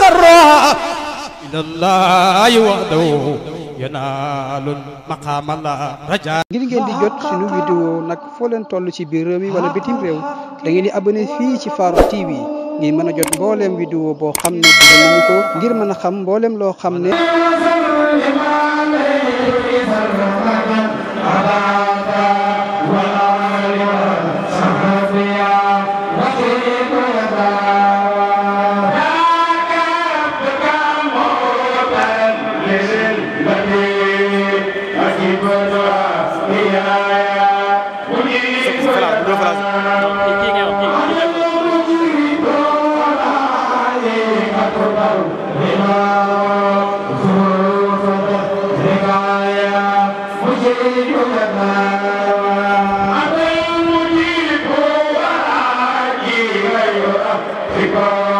تقرى إلى الله وحده yanaalul ngir ngeen di jot suñu vidéo nag fooleen leen toll ci biir réew mi wala bitim réew da ngeen di abonné fii ci Farokh TV ngir mën a jot mbooleem vidéo boo xam ne dinañu ko ngir mën a xam mbooleem loo xam ne Oh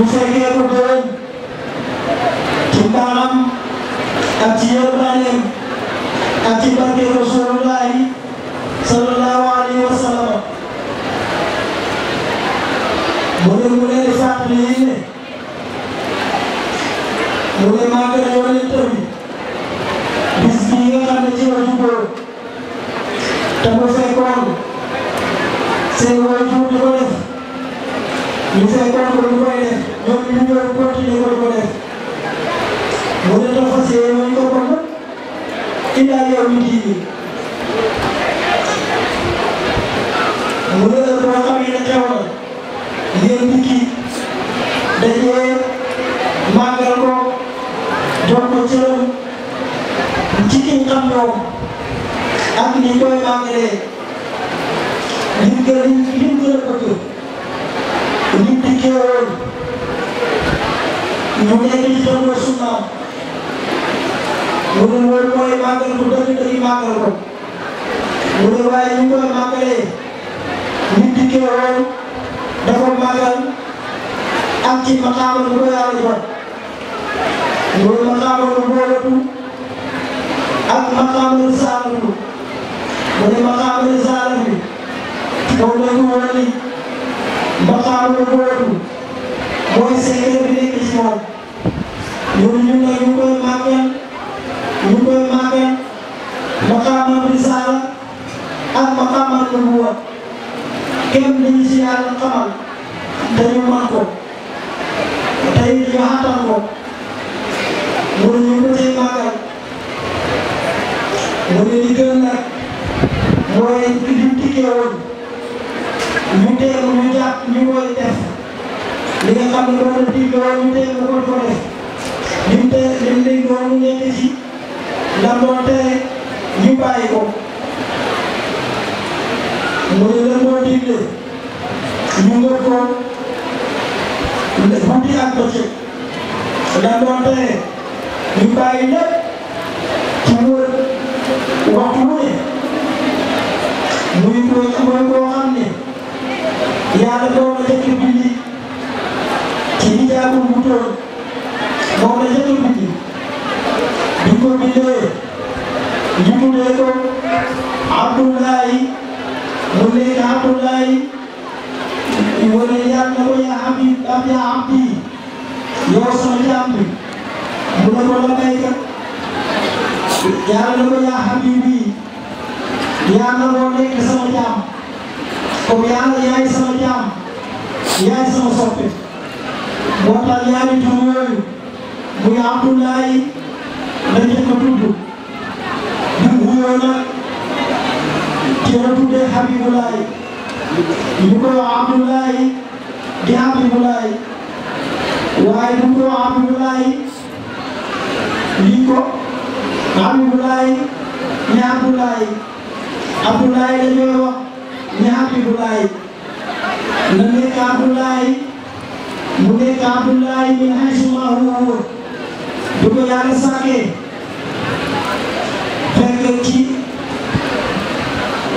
bu fekkee ko gërëm ci taaram ak ci yërmaaneem ak ci rasulullahi sallallahu alayhi wa sallam mu ne mu ne mu maa gën a yonent bi bis bi nga xam ne ci la juddoo te bu fekkoon ñu fay contre ñu koy def ñoom ñu ñëw continuer ko ko def. mu ne la fas yéene ñu ko kon nag illaa yow mi diini. mu ne la boo xam ne xew na yéen nit ki dañuy màggal ko jox ko cëram ci kiñ xam ñoom ak ni koy màggalee liñ gën liñ gën a bëgg dikkee woon ñu nekk ci dënnu sunna mu ne loolu mooy màggal bu dëgg dañuy màggal ko mu ne waaye ñu koy màggalee ñu dikkee woon dafa màggal am ci maqaama bu ko yàlla jox loolu maqaama bu boolatu ak maqaama bu saamatu mu ne maqaama mu ne li gën nag mooy liñ diggee woon ñu teel ñu jàpp ñu koy def li nga xam ne loolu la diggee woon ñu teel ñu ko ko def lim teel lim leen doon nekk ci la moo tere ñu ko. mu ne la moo digle ñu nga ko guddi ak bëccëg la moo tere ñu bàyyi lépp ci waxtu wu ne muy ko mooy koo xam ne yàlla doon na jëkk bindi ci nijaabul mu toon moom la jëkk bindi bi ko bindee ñu tuddee ko Abdullahi mu nekk Abdullahi wala yàlla na ko yaa abdi ab yaa abdi yow sama jaam bi mu ne ko la may yàlla dama yaa habibi yaa nangoo nekk sama jaam comme yàlla yaay sama jaam yaay sama soppe moo tax ñaari tur yooyu muy Abdoulaye dañu ko tudd di wuyoo nag kii la tuddee Habibulaye ñu koy wax Abdoulaye di Habibulaye waaye du ko wax Abdoulaye lii ko. Habibulaay ñi Abdulaay Abdulaay dañuy wax ñi Habibulaay na nekk Abdulaay mu nekk Abdulaay min haysu maa huwa wóor du ko yàlla sàkkee fekk ci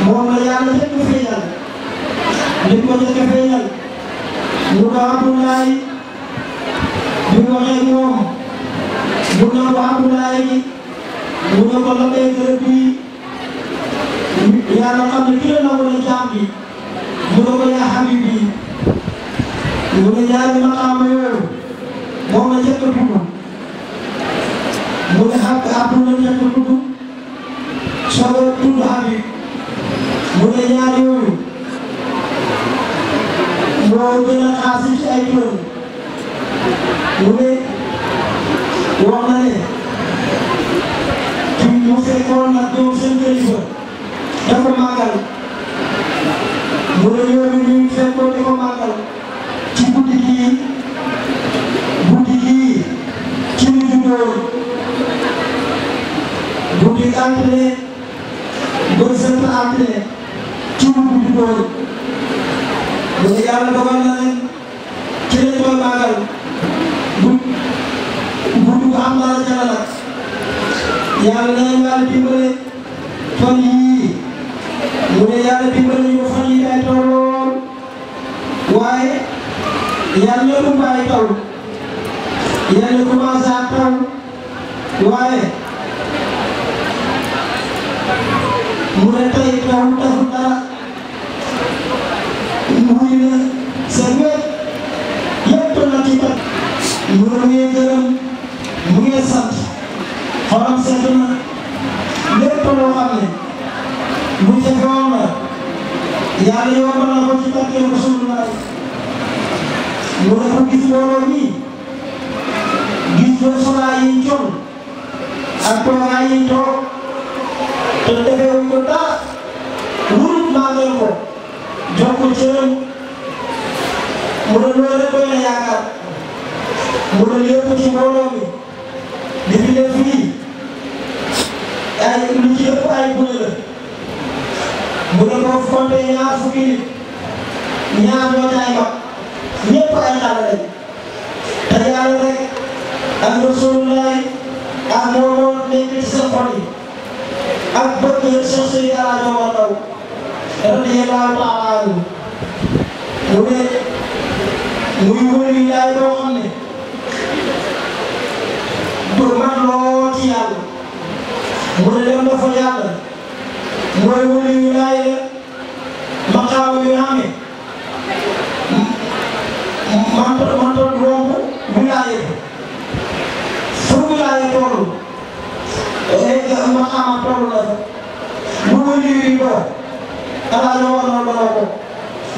moom la yàlla fekk feeñal li ko njëkk a feeñal mu ko Abdulaay bi waxee moom mu nangu mu ne ko bii yàlla xam ne ki la na jaam bi mu ne ko yaa xabib bi mu ne ñaari maqaama yooyu moom la njëkk a dugg mu ne xam nga àdduna njëkk a dugg soo ko tudd xabib mu ne ñaari yooyu moo gën a xaasi ay turam mu ne wax nekkoon ak ñoom seen kilifa dafa màggal mu ne yooyu ñu fekkoon di ko màggal ci guddi gii guddi gii ci lu juddoo guddi entrée ba sënt entrée ci lu juddoo loolu yàlla dogal yàlla na yàlla dimbale fan yii mu ne yàlla dimbale ñu fan yii day taw lool waaye yàlla na ko bàyyi taw yàlla na commencé à taw waaye mu ne tey taw taxul dara muy ne sa wet yëpp na ci taw mu ne mu ngi gërëm xolam sedd na lépp loo xam ne bu jafe woon la yàlla yombal na ko ci barke Rasulullah mu dafa gis mbooloo mi gis nga solaa yi col ak toogaay yi toog te defewuñ ko dara wurut màggal ko jox ko cëram mu ne loolu rek doy na yaakaar mu ne lépp ci mbooloo mi di fi daanaka lu ci ëpp ay gune la bu ne ko compté ñaar fukki nit ñaar ñooñu ay mag ay xale lañ te yàlla rek ak Rasulullah ak moo nekk ci sa xol yi ak bëgg yëpp sax suy yàlla joxoon ndaw radiyallahu taala anhu mu ne muy wëri yaay boo xam ne du man loo ci mu ne leen dafa yàlla yu laay maqaama yu amee manta manta romb wilaaye fu wilaaye toll maqaama toll la lu wali yu doo alaaja war na loo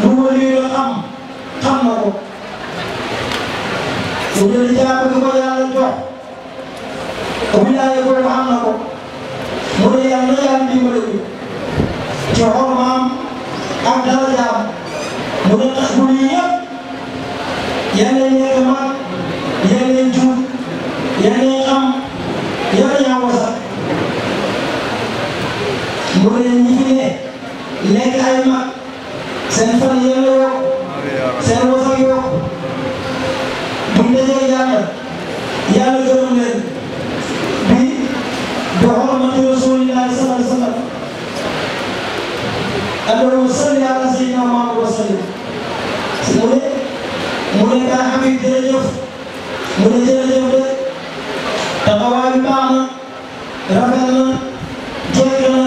ko lu wali yu xam xam na ko bu dee jaabe ko yàlla jox wilaaye boobu am na mu ne yàlla na yàlla dimbale ñu ci xormaam ak darajaam mu ne tax bu lii yëpp yéen lay nekk mag yéen lay jur yéen lay xam yéen yaa ko sax mu ne ñi fi ne nekk ay mag seen fan اللهم صل على سيدنا محمد وسلم mu ne mu ne daa xam ne jërëjëf mu ne jërëjëf de taxawaay bi baax na rafet na jekk na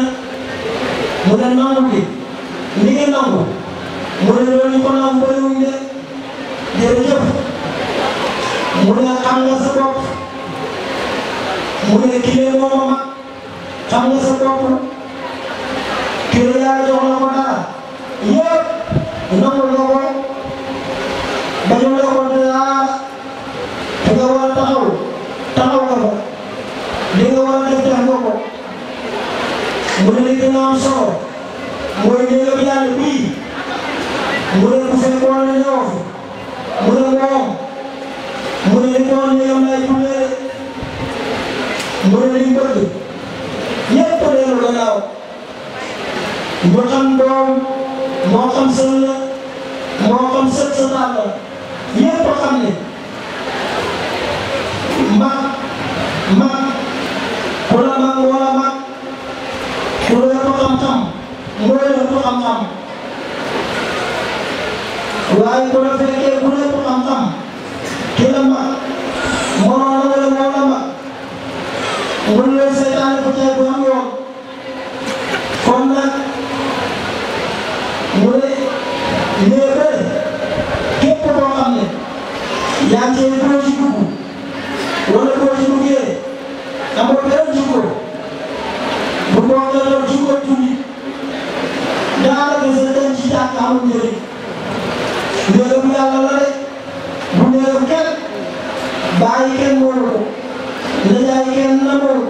mu ne nangu bi ni ngi nangu loolu ko nangu bëriwuñ de jërëjëf mu ne xam nga sa bopp mu ne kii moom a mag xam nga sa bopp kii la yàlla jox na ko dara na ko dañu la ko ne ah fi nga war a taxaw taxaw nga nga war a def def nga ko mu ne li gën a am solo mooy néegam yàlla bii mu ne bu fekkoon ne ñëw mu ne moom mu ne li doon néegam makan bom makan moo makan sël la moo xam sët mak maam la yépp xam ne mag mag ku la mag wala mag ku la yëpp xam-xam moo yëpp xam yaa ngi koy boo ci dugg wala boo ci duggee amoo benn jikko bu ko daloon jikko jullit daanaka sa dem ci jàkk amul njëriñ néegam yàlla la rek bu néegam kenn bàyyi kenn moomu ko nijaay kenn na moomu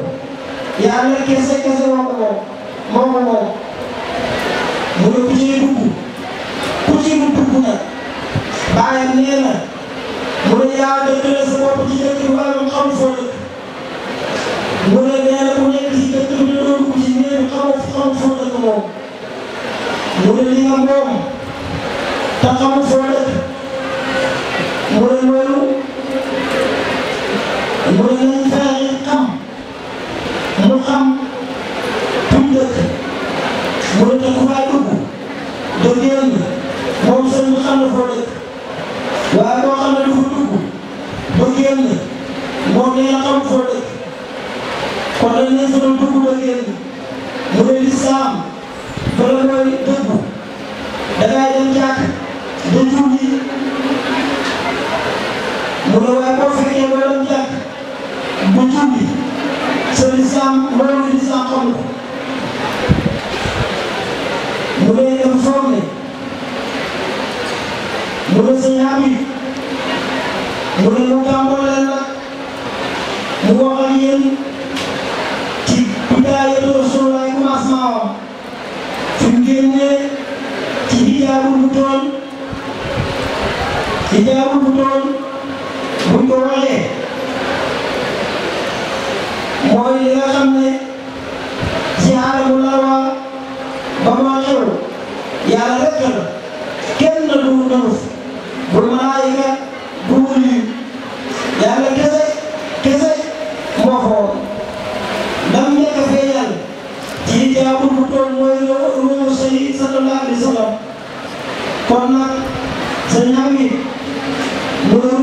yàlla kese kese moo ko moom moo ko mu ne ku ciy dugg ku ciy dugg nag bàyyi nee na mu ne yaa dëkkale sa bopp ci dëkk bi wala mu xamul foo mu ne nee na ku nekk mu ne li nga moom te xamul foo julli mu ne waaye boo fekkee nga dem bu julli sa lislaam loolu lislaam xam ko mu ne dem foog ne mu ne sa yaabi mu ne lu tàmbalee nag mu wax ak yéen ci bidaayatu Rasulullah commencement am fi mu génnee ci hijaabu mu ci jaarul ñooñ buñ ko waxee mooy li nga xam ne ci aalamu larwaa ba maa xew yàlla rekk kenn du nanuf bu malaayika du wuli yàlla kese kese moo fa woon ndam nekk feeñal ci jaarul bu toll mooy loolu sëy sallallahu alayhi wa sallam kon nag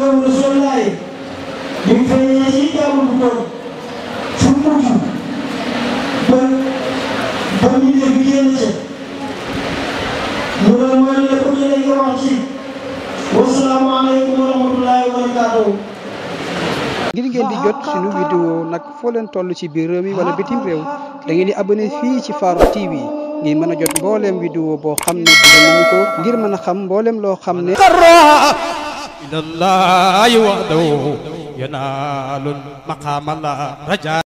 muhammadu rasulullahi bi mu feeñee ci jaamul bu toog fu mujj ba ba mu dégg génn ca mu ne mooy ne ku ñu lay wax ci wasalaamu aleykum wa rahmatullahi ngir ngeen di jot suñu vidéo nag foo leen toll ci biir réew mi wala bitim réew da ngeen di abonné fii ci Farokh TV ngir mën a jot mbooleem vidéo boo xam ne dinañ mën a xam mbooleem loo xam ne إن الله وحده ينال المقام الله رجاء